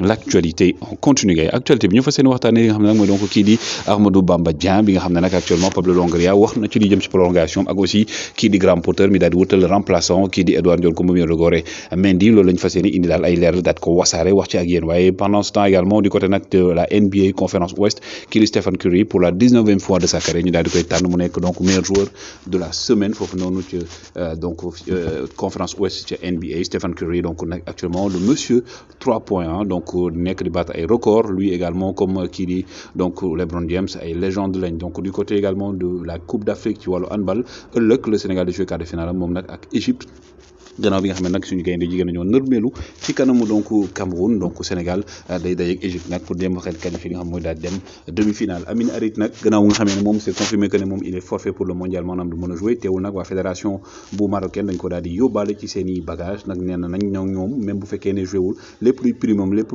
l'actualité en continu gay actualité bi ñu fa seen waxtaanee nga xam ne nag mooy donc ki di Amadou Bamba Dieng bi nga xam nak actuellement Pablo Longoria wax na ci li jëm ci prolongation ak aussi ki di grand porteur mi daal di wutal remplaçant ki di Edouard Ndiol Coumba Miodogore Goré Mendy loolu lañ fa seen indi dal ay leer daal ko wasaré wax ci ak yeen waye pendant ce temps également du côté nak de la NBA conférence ouest ki di Stephen Curry pour la dix e fois de sa carrière ñu daal di koy tann mu nek donc meilleur joueur de la semaine fofu nonu ci euh, donc euh, conférence ouest ci NBA Stephen Curry donc nak actuellement le monsieur trois points donc n'est que di battre ay record lui également comme qui euh, dit donc euh, LeBron James ay légende lañ donc du côté également de la Coupe d'Afrique vois le handball ëllëg le Sénégal de jouer quart de finale mom nak ak Égypte. gannaaw bi nga xamné nak nag suñu gaynde jigéen nañoo nërmeelu ci kanamu donc Cameroun donc Sénégal euh, day day ak Égypte nak pour dem xel qualifié nga xam moy daal dem demi-finale Amine Harit nak gannaaw nga xamné mom c'est confirmé que né mom il est forfait pour le mondial manam du mën a jouer teewul nak wa fédération bu marocaine dañ ko daal di yobale ci seen i bagage nag nee na nañ même bu féké né jouer wul lépp luy prime am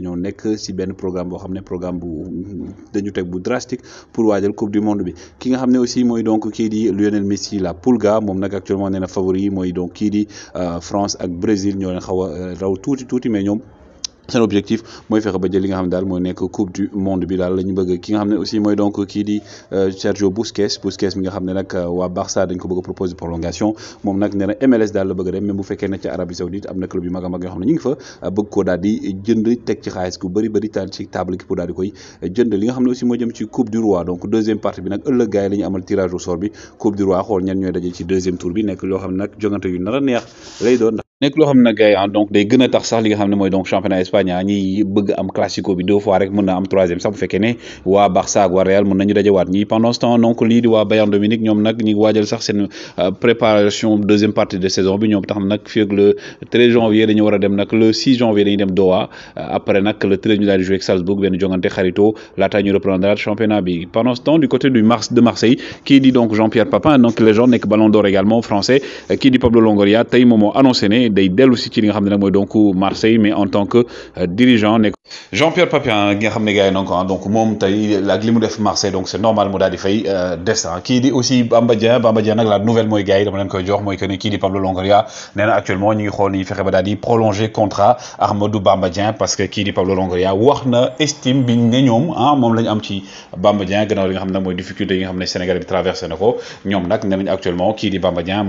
dañoo nekk si benn programme boo xam ne programme bu dañu teg bu drastique pour waajal coupe du monde bi ki nga xam ne aussi mooy donc kii di Lionel Messi la Pulga moom nag actuellement nee na favori yi mooy donc kii di euh, France ak Brésil ñoo leen xaw a euh, raw tuuti tuuti mais ñoom. C'est objectif Moi, fexe ba jël li nga xam ne daal mooy coupe du monde bi daal la ñu bëgg ki nga aussi moi donc kii di euh, Sergio Busquets Busquets mi nga xam ne nag euh, Barça dañ ko bëgg proposer prolongation Moi, nag nee na MLS daal la bëgg a dem même bu fekkee ne Arabie Saoudite am club yu mag a mag yoo xam ne ñu ngi fa euh, bëgg koo daal di jënd teg ci xaalis bu bëri bëri ci table gi pour d'aller di koy jënd li nga xam aussi moo jëm ci coupe du roi donc deuxième partie bi que ëllëg gars les amal tirage au sort bi coupe du roi xool ñan ñooy daje ci deuxième tour bi nekk loo xam ne nag jongante yu nar a neex lay doon nek lo xamna ne ah, donc day gëna a tax sax li nga xam moy donc championnat Espagne ah, ñi bëgg am classico bi deux fois rek mëna am 3 troisième sax bu fekké né wa Barça ak wa Real ñu dajé dajawaat ñi pendant ce temps donc li di wa Bayern de Munich ñoom nag ñi wajal sax sen euh, préparation deuxième partie de saison bi ñom tax nak fii ak le 13 janvier dañu wara dem nak le 6 janvier dañu dem Doha euh, après nak le 13 ñu daal jouer ak Salzbourg benn jongante xarito laata ñu reprendre championnat bi pendant ce temps du côté du Mars de Marseille qui di donc Jean-Pierre Papin donc légende nek Ballon d'Or également français qui euh, di Pablo Longoria tay momo moo annoncé day le site ci li nga donc Marseille mais en tant que euh, dirigeant Jean-Pierre Papin gi nga xam ne gars donc ah donc moom tey ak li def Marseille donc c'est normal mu daal di fay euh, des ah di aussi Bamba Dieng Bamba la nouvelle mooy gars yi dama leen koy jox mooy que ni kii Pablo Longoria nee actuellement ñu ngi xool ni fexe ba daal di prolonger contrat Ahmadou Bamba Dieng parce que kii di Pablo Longoria wax estime bi ne ñoom ah moom la ñu am ci Bamba Dieng gannaaw nga xam ne difficulté yi nga xam ne Sénégal bi traversé na ko ñoom nag actuellement kii di Bamba Dieng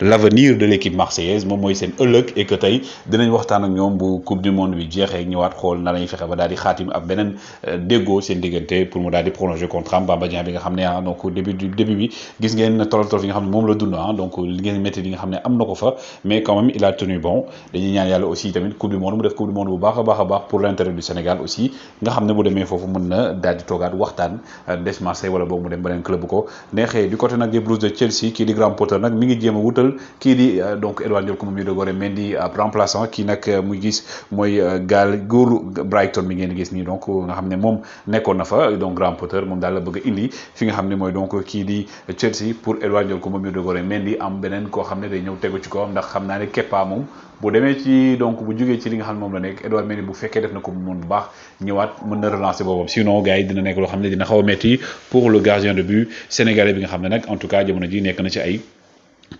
l'avenir de l'équipe marseillaise moom mooy seen ëllëg et que tey dinañ waxtaan ak ñoom bu coupe du monde bi jeexee ñëwaat xool na nañ fexé ba daldi khatim xaatim ab beneen euh, déggoo seen diggante pour mu daldi prolonger contrat Bamba Dieng bi nga xamné ne ah, donc début début bi gis ngeen tolof tolof yi nga xamné mom la dund hein donc li ngeen metti yi nga xamné ne am na fa mais quand même il a tenu bon dañuy ñaan Yalla aussi tamit coupe du monde mu def coupe du monde bu baax a baax pour l' du Sénégal aussi nga xamné ne bu demee foofu mën na daal di toogaat waxtaan euh, des Marseille wala boobu mu dem benen club ko nexé du côté nak des Blues de Chelsea kii di grand Potter nak mi ngi jema woutal wutal di euh, donc Edouard Ndiol ko moom ñu dogore Mendy remplaçant kii nak mu gis moy gal góorlu Brighton mi ngeen gis nii donc nga xam ne moom nekkoon na fa donc Graham Potter moom daal la bëgg a indi fi nga xam ne mooy donc kii di Chelsea pour éloigner ko moom ñu dogoree Mendy am ne day ñëw tegu ci kawam ndax xam naa ne Kepa moom bu demee ci donc bu jógee ci li nga xam ne moom la nekk Edouard Mendy bu fekkee def na ko moom bu baax ñëwaat mën na relancer boobam sinon gars dina nekk loo xam ne dina xaw a metti pour le gardien de but sénégalais bi nga xam ne nag en tout cas jamono ji nekk na ci ay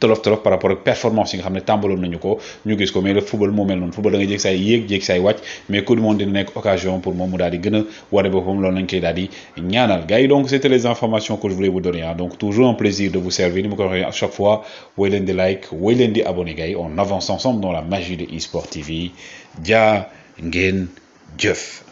tolof tolof par rapport ak performance yi nga xam tambalon nañu ko ñu gis ko mais le football mo mel non football da nga jéeg say yéeg jéeg say wacc mais coupe du monde dina nekk occasion pour moom mu daal di gën a wane lañ koy daldi ñaanal gay donc c'était les informations que je voulais vous donner hein. donc toujours un plaisir de vous servir ni ma ko waxee à chaque fois woy leen di like woy leen di abonné gay yi on avance ensemble dans la magie de e-sport TV ja ngeen jëf